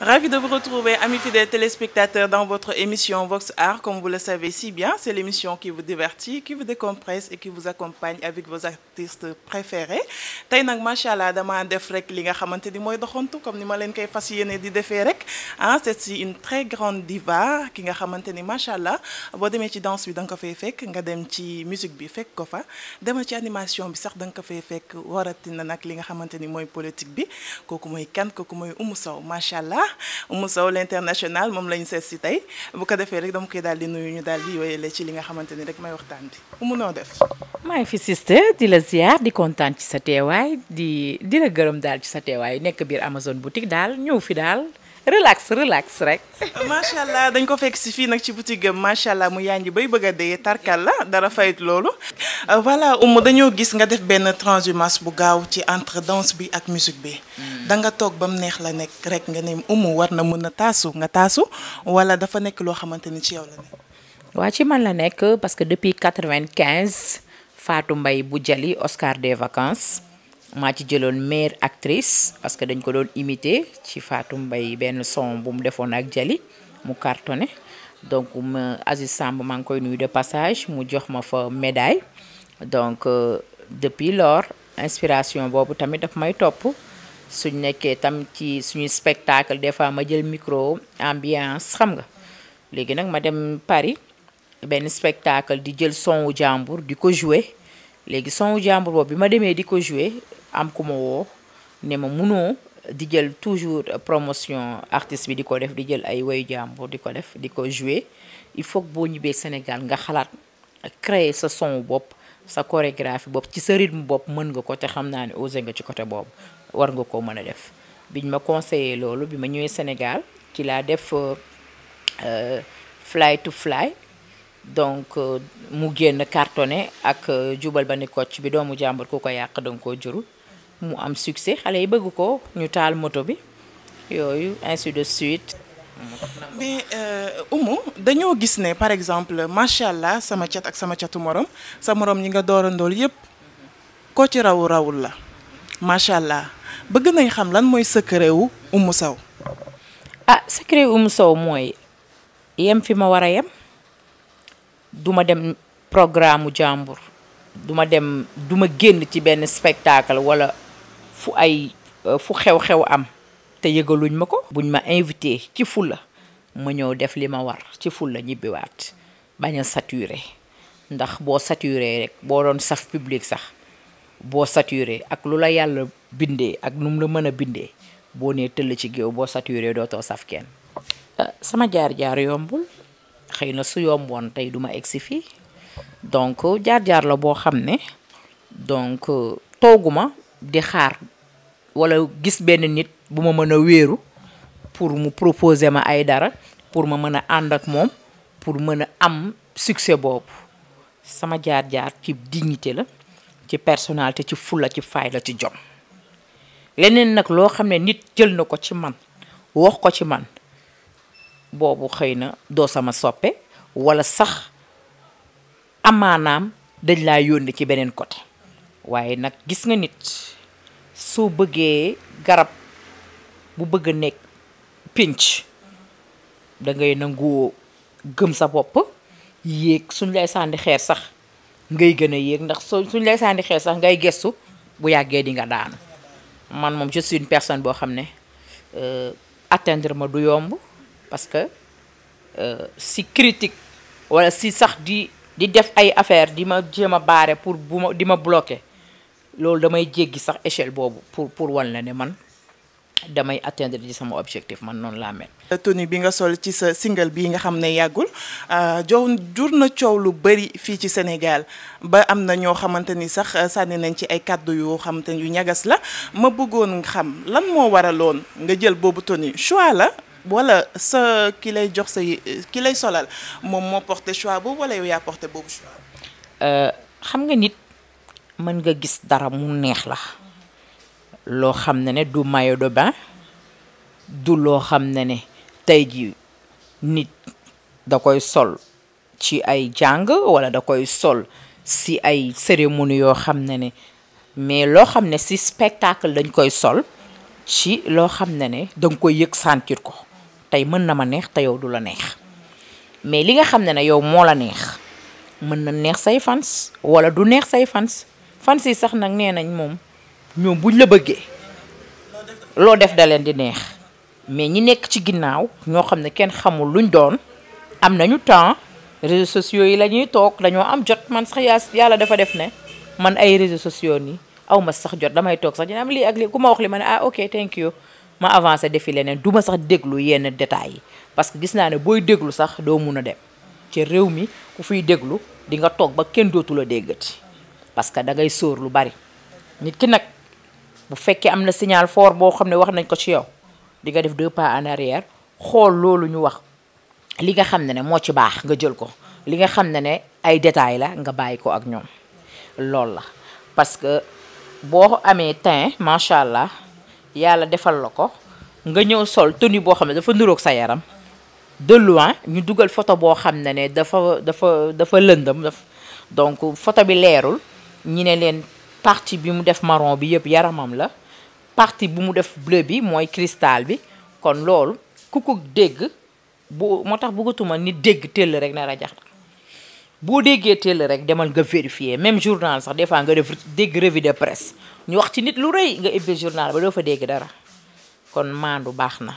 Ravi de vous retrouver, amis fidèles téléspectateurs, dans votre émission Vox Art. Comme vous le savez si bien, c'est l'émission qui vous divertit, qui vous décompresse et qui vous accompagne avec vos artistes préférés. tey nag macha allah dama def rek li nga xamante ni mooy doxantu comme ni ma leen koy fas yéene di defee rek ah c'est une très grande diva ki nga xamante ni macha allah boo demee ci danse bi da nga ko fay fekk nga dem ci musique bi fekk ko fa dema ci animation bi sax danga ko fay fekk na nag li nga xamante ni mooy politique bi kooku mooy kan kooku mooy Oumou Sow macha allah Touba Oumou Sow l'international moom la ñu seet si tey bu ko defee rek dama koy daal di nuyu ñu daal di yooyale ci li nga xamante ni rek may waxtaan bi Oumou noo def. maa ngi fi sister di la ziar di kontaan ci sa teewaay di di la gërëm daal ci sa teewaay nekk biir Amazon boutique daal ñëw fi daal. relax relax rek. macha allah dañ ko fekk si fii nag ci boutique am macha allah mu yaa ngi bay bëgg a dee tarkal la dara fayit loolu. Euh, voilà Oumou dañoo gis nga def benn transhumance bu gaaw ci entre danse bi ak musique bi. Mm. da nga toog ba mu neex la nekk rek nga ne Oumou war na mën a taasu nga taasu wala dafa nekk loo xamante ni ci yow la nekk. waa ci man la nekk parce que depuis quatre-vingt-quinze Fatou Mbaye bu Jali Oscar des vacances. maa ci jëloon maire actrice parce que dañ ko doon imité ci Fatou mbay benn son bu mu defoon ak Jali mu cartonné donc ma Aziz Samb maa ngi koy nuyu de passage mu jox ma fa médaille donc euh, depuis lors inspiration boobu tamit daf may topp suñ nekkee tam ci suñuy spectacle des fois ma jël micro ambiance xam nga léegi nag ma dem Paris benn spectacle di jël son jàmbur di ko jouer léegi son wu jàmbur boobu bi ma demee di ko jouer am ku ma woo ne ma munoo di jël toujours promotion artiste bi di ko def di jël ay wayu jàmbur di ko def di ko jouer il faut boo ñibbee Sénégal nga xalaat créer sa son bopp sa chorégraphie bopp ci sa rythme bopp mën nga ko te xam naa ne osé nga ci côté boobu war nga ko mën a def biñ ma conseillé loolu bi ma ñëwee Sénégal ci laa def euh, euh, fly to fly donc euh, mu génn cartonné ak jubal ba ni koc bi doomu jàmbur ku ko yàq danga ko jurul mu am succès xale yi bëgg ko ñu taal moto bi yooyu ainsi de euh, dañoo gis ne par exemple macha allah sama cat ak sama catu morom sa morom ñi nga doorandool yépp koo ci rawu rawul la macha allah bëgg nañ xam lan mooy secret wu Oumou Sow. ah secret wu mooy yem fi ma war a yem duma dem programu mu jàmbur duma dem duma génn ci benn spectacle wala. fu ay euh, fu xew-xew am te yëgaluñ ma ko buñ ma invité ci fula ma ñëw def li ma war ci fula ñibbiwaat bañ a saturé ndax boo saturé rek boo doon saf publique sax boo saturé ak lu la yàlla bindee ak num la mën a bindee boo nee tëll ci géew boo saturé dootoo saf kenn euh, sama jaar-jaar yombul xëy na su yomboon tey du ma egsi fii donc jaar-jaar la boo xam ne donc euh, tooguma di xaar wala gis benn nit bu ma mën a wéeru pour mu proposer ma ay dara pour ma mën a ànd ak moom pour mën a am succès boobu sama jaar-jaar ci dignité la ci personnalité ci fulla ci fay la ci jom leneen nag loo xam ne nit jël na ko ci man wax ko ci man boobu xëy na doo sama soppe walla sax amaanaam dañ laa yónni ci beneen côté waaye nag gis nga nit soo bëggee garab bu bëgg a nekk pinc da ngay nangu gëm sa bopp yéeg suñ lay sànni xeer sax ngay gën yéeg ndax soo suñ lay sànni xeer sax ngay gestu bu yàggee di nga daanu man moom je suis une personne boo xam ne euh, atteindre ma du yomb parce que euh, si critique wala si sax di di def ay affaire di ma jéem a baare pour bu ma di ma bloquer loolu damay jéggi sax échelle boobu pour pour wan la ne man damay atteindre ji sama objectif man noonu laa mel. Euh, tenue bi nga sol ci sa single bii nga xam ne yàggul euh, jow jur na coow lu bëri fii ci Sénégal ba am na ñoo xamante ni sax euh, sànni nañ ci ay kàddu yoo xamante ni yu ñagas la ma bëggoon xam lan moo waraloon nga jël boobu tenue choix la wala sa ki lay jox sa ki lay solal moom moo porté choix boobu wala yow yaa porté boobu choix. xam nga nit. mën nga gis dara mu neex la loo xam ne ne du mayo de bain du loo xam ne ne tey ji nit da koy sol ci ay jàng wala da koy sol si ay cérémonie yoo xam ne ne mais loo xam ne si spectacle dañ koy sol ci loo xam ne ne danga koy yëg sentir ko tey mën na ma neex te yow du la neex mais li nga xam ne ne yow moo la neex mën na neex say fans wala du neex say fans fans yi sax nag nee nañ moom ñoom buñ la bëggee loo def da leen di neex mais ñi nekk ci ginnaaw ñoo xam ne kenn xamul luñ doon am nañu temps réseaux sociaux yi la ñuy toog dañoo am jot man sax yaa yàlla dafa def ne man ay réseaux sociaux aw ma sax jot damay toog sax dina lii ak ku ma wax li ma ne ah ok thank you ma avancé defi leneen du ma sax déglu yenn détails yi parce que gis naa ne booy déglu sax doo mun a dem ci réew mi ku fiy déglu di nga toog ba kenn dootu déggati. parce que da ngay sóor lu bari nit ki nag bu fekkee am na signal foor boo xam ne wax nañ ko ci yow li nga def deux pas en arrière xool loolu ñu wax li nga xam ne ne moo ci baax nga jël ko li nga xam ne ne ay détails la nga bàyyi ko ak ñoom loolu la parce que boo amee teint macha allah yàlla defal la ko nga ñëw sol tenue boo xam ne dafa niroog sa yaram de loin ñu dugal photo boo xam ne ne dafa dafa dafa lëndëm daf donc photo bi leerul ñi ne leen partie bi mu def marron bi yëpp yaramam la partie bu mu def bleu bi mooy cristal bi kon loolu ku ko dégg bu moo tax bëggatuma nit dégg tëll rek ne rajax na boo déggee tëll rek demal nga vérifier même journal sax des fois nga def dégg revue de presse ñu wax ci nit lu rëy nga ibbi journal ba doo fa dégg dara kon maandu baax na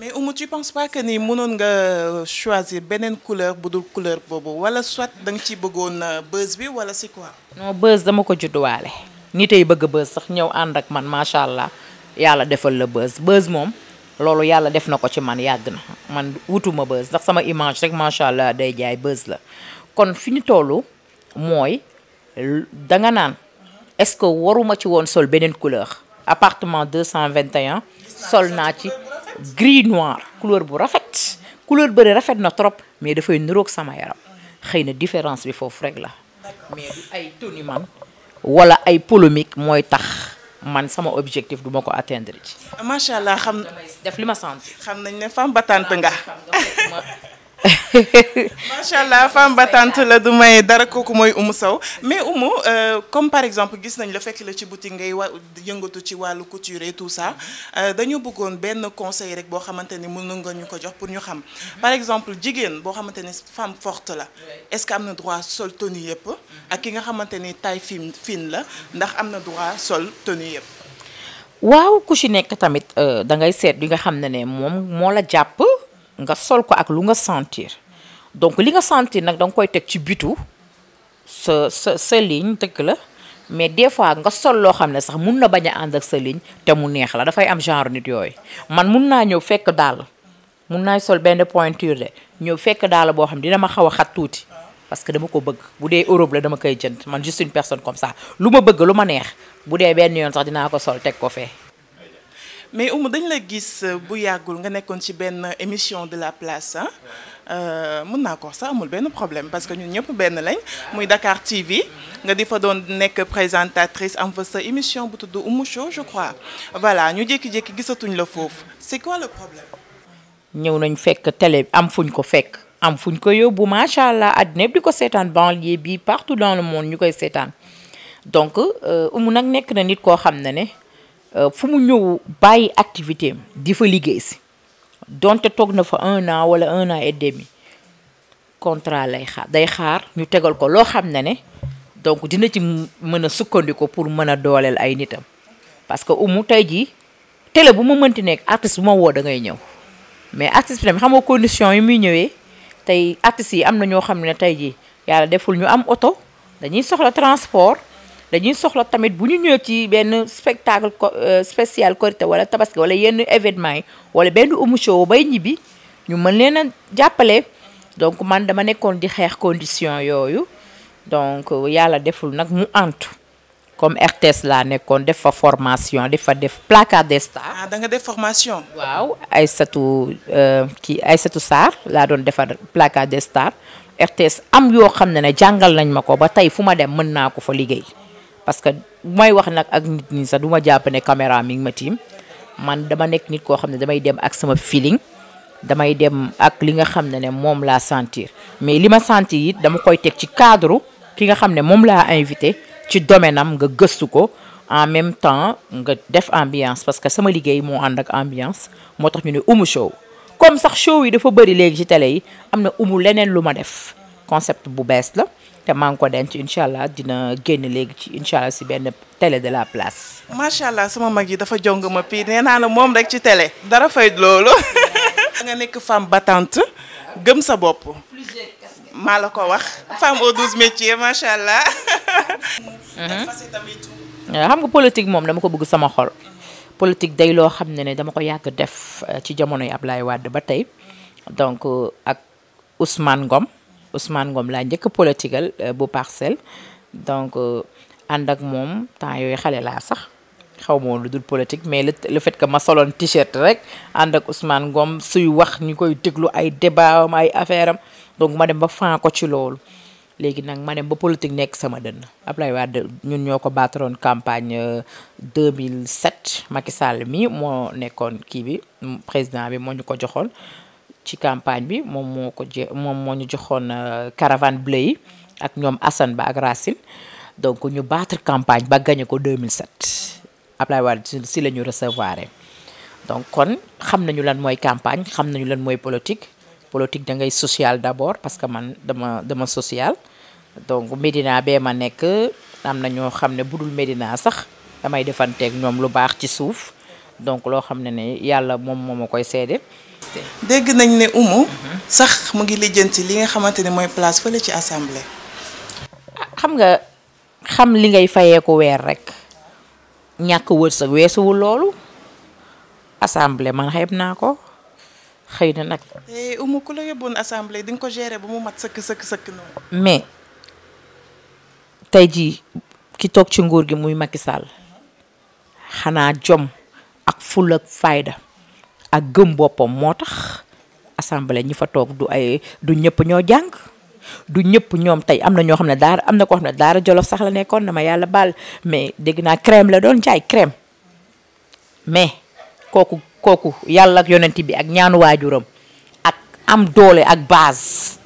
mais Oumou tu penses pas que ni mënoon nga euh, choisir beneen couleur bu dul couleur boobu wala soit da nga ci bëggoon euh, buzz bi wala c'est quoi. non buzz dama ko judduwaale. nit ay bëgg buzz sax ñëw ànd ak man macha allah yàlla defal la buzz buzz moom loolu yàlla def na ko ci man yàgg na man wutuma buzz ndax sama image rek macha allah day jaay buzz la kon fi ñu toll mooy danga naan est-ce que waruma ci woon sol beneen couleur appartement 221 sol naa ci. gris noir couleur bu rafet couleur bëri rafet na trop mais dafay niroog sama yaram xëy na différence bi foofu rek la mais ay toni wala ay polémique mooy tax man sama objectif du ma ko atteindre ci. macha allah xam def li ma xam nañ ne femme battante nga. macha fem femme battante la du may dara kooku mooy Oumou saw mais Oumou euh, comme par exemple gis nañ la fekk la ci boutique ngay wa yëngatu ci wàllu couture et tout ça euh, dañu bëggoon benn conseil rek boo xamante ni mën nga ñu ko jox pour ñu xam par exemple jigéen boo xamante ni femme forte la est que am na droit sol tenue yëpp ak ki nga xamante ni taille fine fine la ndax am na droit sol tenue yëpp. waaw ku ci nekk tamit euh, da ngay seet bi nga xam ne ne moom moo la jàpp. nga sol ko ak lu nga sentir donc li nga sentir nag da koy teg ci bitu sa sa sa ligne la mais des fois nga sol loo xam ne sax mun na bañ a ànd ak sa ligne te mu neex la dafay am genre nit yooyu man mun naa ñëw fekk daal mun naa sol benn pointure de ñëw fekk daal boo xam ne dina ma xaw a xat tuuti parce que dama ko bëgg bu dee Europe la dama koy jënd man juste une personne comme ça lu ma bëgg lu ma neex bu dee benn yoon sax dinaa ko sol teg ko fee. mais Oumou dañ la gis euh, bu yàggul nga nekkoon ci benn émission de la place ah mun naa ko sax amul benn problème parce que ñu ñëpp benn lañ muy Dakar TV nga di fa doon nekk présentatrice am fa sa émission bu tudd Oumou Show je crois voilà ñu jékki-jékki gisatuñ la foofu c'est quoi le problème ñëw nañ fekk télé am fuñ ko fekk am fuñ ko yóbbu macha allah àddina yëpp di ko seetaan banlieue bi partout dans le monde ñu koy seetaan donc euh, Oumou nag nekk na nit koo xam ne ne Euh, fu mu ñëw bàyyi activité am di fa liggéey si donte toog na fa un an wala un an et demi contrat lay xaar day xaar ñu tegal ko loo xam ne ne donc dina ci mën a sukkandiku pour mën a dooleel ay nitam parce que umu tey jii télé bu ma mënti nekk artiste bu ma woo da ngay ñëw mais artiste bi tamit xam nga condition yi muy ñëwee tey artistes yi am na ñoo xam ne tey jii yàlla deful ñu am oto dañuy soxla transport dañuy soxla tamit bu ñu ñëwee ci benn spectacle euh, spécial korité wala tabaski wala yenn événement yi wala benn umu show bay ñibbi ñu mën leen a jàppale donc man dama nekkoon di xeex condition yooyu donc euh, yàlla deful nag mu antu comme RTS laa nekkoon def fa formation di fa def placard des stars. ah da nga def formation. waaw Aïssatou euh, kii Aïssatou laa doon defar placard RTS am yoo xam ne ne jàngal nañ ma ko ba tey fu ma dem mën naa ko fa liggéey. parce que may wax nag ak nit ñi sax duma ma jàpp ne caméra mi ngi ma tiim man dama nekk nit koo xam ne damay dem ak sama feeling damay dem ak li nga xam ne ne moom laa sentir mais li ma sentir it dama koy teg ci cadre ki nga xam ne moom laa invité ci domaine am nga gëstu ko en même temps nga def ambiance parce que sama liggéey moo ànd ak ambiance moo tax ñu ne umu show comme sax show yi dafa bëri léegi ci télé yi am na umu leneen lu ma def concept bu bees la te maa ngi ko denc incha allah dina génn léegi ci incha si benn télé de la place. macha allah sama mag yi dafa jong ma pii nee naa la moom rek ci télé. dara fay loolu. nga nekk femme battante gëm sa bopp. maa la ko wax. femme aux douze métiers macha allah. xam nga politique moom dama ko bëgg sama xol. politique day loo xam ne ne dama ko yàgg def eh, ci jamono ab Ablaye wàdd ba tey donc eh, ak Ousmane Ngom. Ousmane Ngom laa njëkk political euh, bu parcelle donc euh, ànd ak moom temps yooyu xale laa sax xaw ma lu dul politique mais le fait que ma soloon t-shirt rek ànd ak Ousmane ngoom suy wax ñu koy déglu ay débat am ay affaire am donc ma dem ba fen ko ci loolu léegi nag ma dem ba politique nekk sama dënn Ablaye Wade ñun ñoo ko baataroon campagne 2007 euh, Macky Sall mi moo nekkoon kii bi président bi moo ñu ko joxoon ci campagne bi moom moo ko je moom moo ñu joxoon euh, caravane bleu yi ak ñoom Assane ba ak Racine donc ñu battre campagne ba gagné ko 2007 Ablaye Wade si la ñu recevoir donc kon xam nañu lan mooy campagne xam nañu lan mooy politique politique da ngay social d'abord parce que man dama dama social donc Médina bee ma nekk am na ñoo xam ne budul Médina sax damay defanteeg ñoom lu baax ci suuf donc loo xam ne ne yàlla moom moom ma koy seede. dégg nañ ne Oumou sax mu ngi lijjanti li nga xamante ne mooy place fële ci assemblée. xam nga xam li ngay fayee ko weer rek ñàkk wërsëg weesuwul loolu assemblée man xeeb naa ko xëy na nag. eh Oumou ku la yóbboon assemblée di ko gérer ba mu mat sëkk sëkk sëkk mais tey jii ki toog ci nguur gi muy Macky Sall xanaa jom. ak ful ak fayda ak gëm boppam moo tax assemblée ñi fa toog du ay du ñëpp ñoo jàng du ñëpp ñoom tey am na ñoo xam ne daara am na koo xam ne daara jolof sax la nekkoon na ma yàlla baal mais dégg naa crème la doon jaay crème mais kooku kooku yàlla ak yonent bi ak ñaanu waajuram ak am doole ak base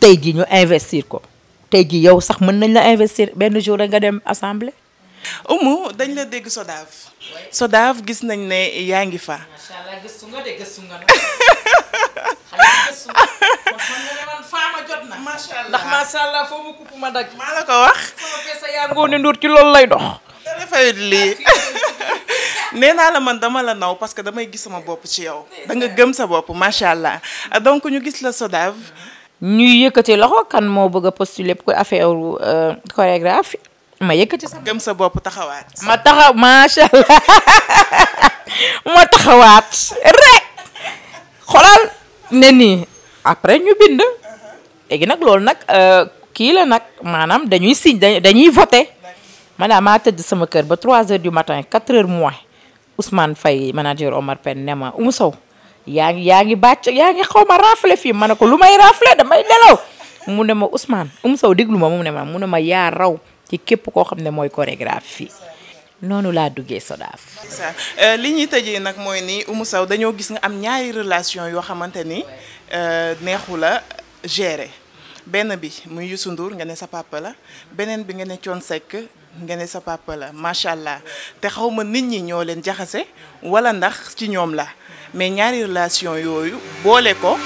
tey ji ñu investir ko tey ji yow sax mën nañ la investir benn jour rek nga dem assemblée Oumou dañ la dégg Sodav. Sodav gis nañ ne yaa ngi fa. jot na. ndax macha allah foo ma kupp ma dagg. maa la ko wax. ngoone nduur ci loolu lay dox. dara fayut lii. la man dama la naw parce que damay gisuma bopp ci yow. da nga gëm sa bopp macha allah donc ñu gis la Sodav. ñuy yëkkatee loxo kan moo bëgg a postuler pour affaire euh, chorégraphie. ma yëkkati sa gëm sa bopp taxawaat. ma taxaw macha ma taxawaat rek xoolal ne nii après ñu bind. léegi nag loolu nag euh, kii la nag maanaam dañuy siñ dañuy voté maanaam maa tëdd sama kër ba 3 heures du matin 4 heures moins Ousmane Faye manager Omar Pène ne ma Oumou Sow yaa ngi yaa ngi bàcc yaa ngi xaw ma rafle fii ma ne ko lu may rafle damay nelaw mu ne ma Ousmane Oumou Sow déglu ma mu ne ma mu ne ma yaa raw. ci képp koo xam ne mooy chorégraphe fii noonu laa duggee Sodaaf. Euh, li ñuy tëjee nag mooy nii Oumou saw dañoo gis nga am ñaari relation yoo xamante ni euh, neexu la gérer benn bi muy Youssou Ndour nga ne sa papa la beneen bi nga ne Thione Seck nga ne sa papa la macha allah te xaw ma nit ñi ñoo leen jaxase wala ndax ci ñoom la mais ñaari relation yooyu boole ko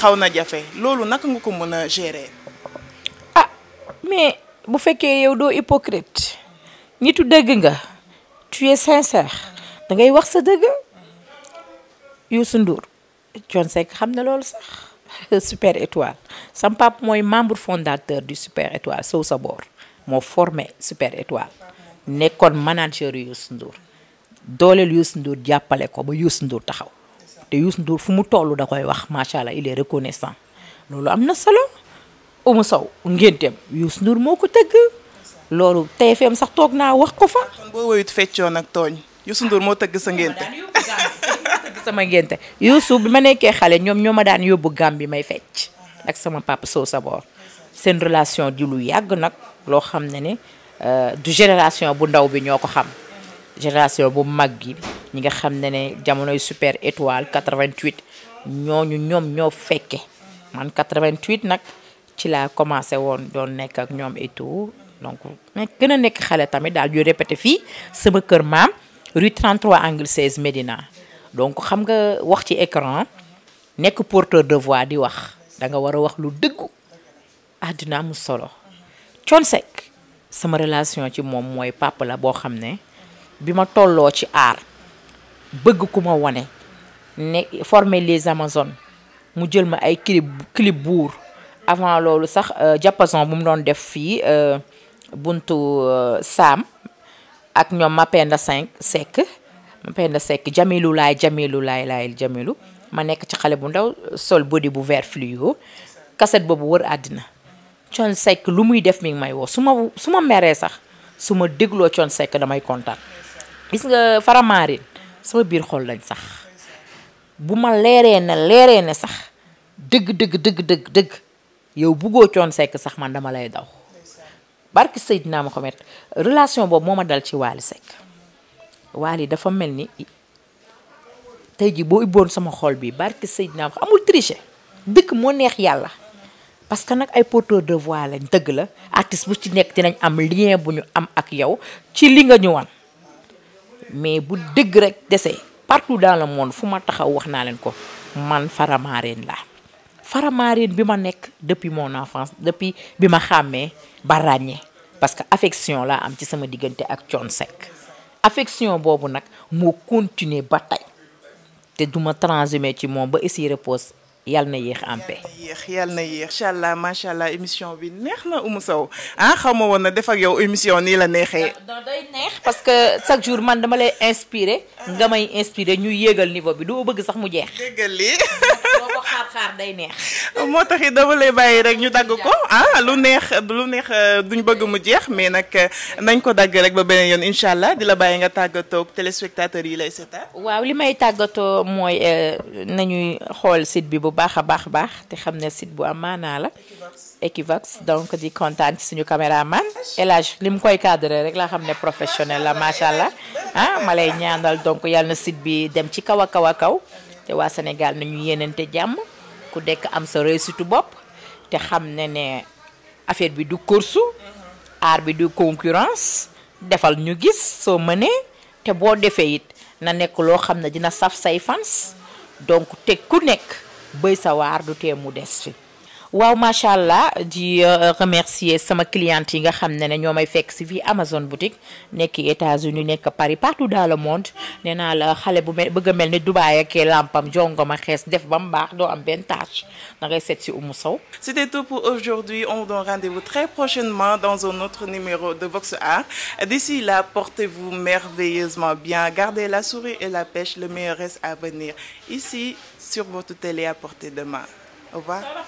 xaw na jafe loolu naka nga ko mën a gérer. ah mais. bu fekkee yow doo hypocrite ñitu dëgg nga tu es sincère da ngay wax sa dëgg Youssou Ndour Thione Seck xam na loolu sax Super Étoile sa pap mooy membre fondateur di Super Étoile sow sa boor moo forme Super Étoile nekkoon manager Youssou Ndour dooleel Youssou nduur jàppale ko ba Youssou nduur taxaw te Youssou Ndour fu mu toll da koy wax macha allah il est reconnaissant loolu am na solo. Oumou Sow ngénteem yu Ndour moo ko tëgg loolu TFM sax toog naa wax ko fa. kon boo woyut feccoon ak tooñ Youssou Ndour moo tëgg sa ngénte. sama ngénte Youssou bi ma nekkee xale ñoom ñoo ma daan yóbbu bi may fecc ak sama papa Sow Sabor seen relation di lu yàgg nag loo xam ne ne euh, du génération bu ndaw bi ñoo ko xam génération bu mag gi ñi nga xam ne ne jamonoy super étoile 88 ñooñu ñoom ñoo fekke man 88 nag. ci laa commencé woon doon nekk ak ñoom et donc mais gën a nekk xale tamit daal yu répété fii sama kër maam rue 33 angle 16 Médina donc xam nga wax ci écran nekk porteur de voix di wax da nga war a wax lu dëggu àddina amul solo Thione sama relation ci moom mooy papa la boo xam ne bi ma tolloo ci aar bëgg ku ma wone ne former les amazones mu jël ma ay clip clip buur avant loolu sax jàppason euh, bu mu doon def fii euh, buntu euh, saam ak ñoom Mapenda Cinq Seck Mapenda Seck jamilu laay jamilu laay laay jamilu ma nekk ci xale bu ndaw sol body bu vert fluo kaset boobu wër àddina Thione lu muy def mi ngi may wo su ma su ma meree sax su ma dégloo Thione Seck damay kontaan gis nga faramarin sama biir xol lañ sax bu ma leeree ne leeree ne sax dëgg dëgg dëgg dëgg yow buggoo coon sekk sax man dama lay daw barki Seydina Mohamed relation boobu moo ma dal ci Waly Seck Waly dafa mel ni tey ji boo ibboon sama xol bi barki Seydina amul tricher dëkk moo neex yàlla parce que nag ay porteur de voix lañ dëgg la artiste bu ci nekk dinañ am lien bu ñu am ak yow ci li nga ñu wan mais bu dëgg rek dese partout dans le monde fu ma taxaw wax naa leen ko man Faramareen laa Faramareen bi ma nekk depuis mon enfance depuis bi ma xàmmee ba ràññee parce que affection laa am ci sama diggante ak Thione Seck affection boobu nag moo continuer ba tey te duma transhumé ci moom ba ici repose yal na yéex am paix yéex yàlla na yéex incha allah macha allah émission bi neex na Oumou Sow ah xaw ma woon na def yow émission nii la neexee. day parce que chaque jour man dama lay inspiré. nga may inspiré ñu yéegal niveau bi du bëgg sax mu jeex. déggal lii. xaar-xaar day neex. moo tax it dama lay bàyyi rek ñu dagg ko ah lu neex lu neex euh, duñ bëgg mu jeex mais nag euh, nañ ko dagg rek ba beneen yoon incha allah di la bàyyi nga tàggatoo ak téléspectateurs yi lay seetaan. waaw li may tàggatoo mooy euh, nañuy xool site bi bu baax a baax baax te xam ne site bu am maanaa la. Equivox donc di kontaan ci suñu caméraman El Hadj li mu koy cadré rek laa xam ne professionnel la macha allah ah ma lay ñaanal donc yàlla na site bi dem ci kaw a kaw a kaw. te waa Sénégal nañu yéenante jàmm ku dekk am sa réussite bopp te xam na ne affaire bi du course art bi du concurrence defal ñu gis soo mënee te boo defee it na nekk loo xam ne dina saf say fans donc te ku nekk bëy sa waar du tee mu des fi waaw macha allah di euh, remercier sama cliente yi nga xam ne ne ñoo may fekk si fii Amazon boutique nekk États-Unis nekk Paris partout dans le monde nee naa la xale bu mel bëgg a mel ni Dubaay ak lampam jongoma xees def ba mu baax doo am benn tâche da ngay seet si Oumou Sow. c'était tout pour aujourd'hui on vous donne rendez-vous très prochainement dans un autre numéro de Vox Art d'ici là portez-vous merveilleusement bien gardez la souris et la pêche le meilleur à venir ici sur votre télé à de main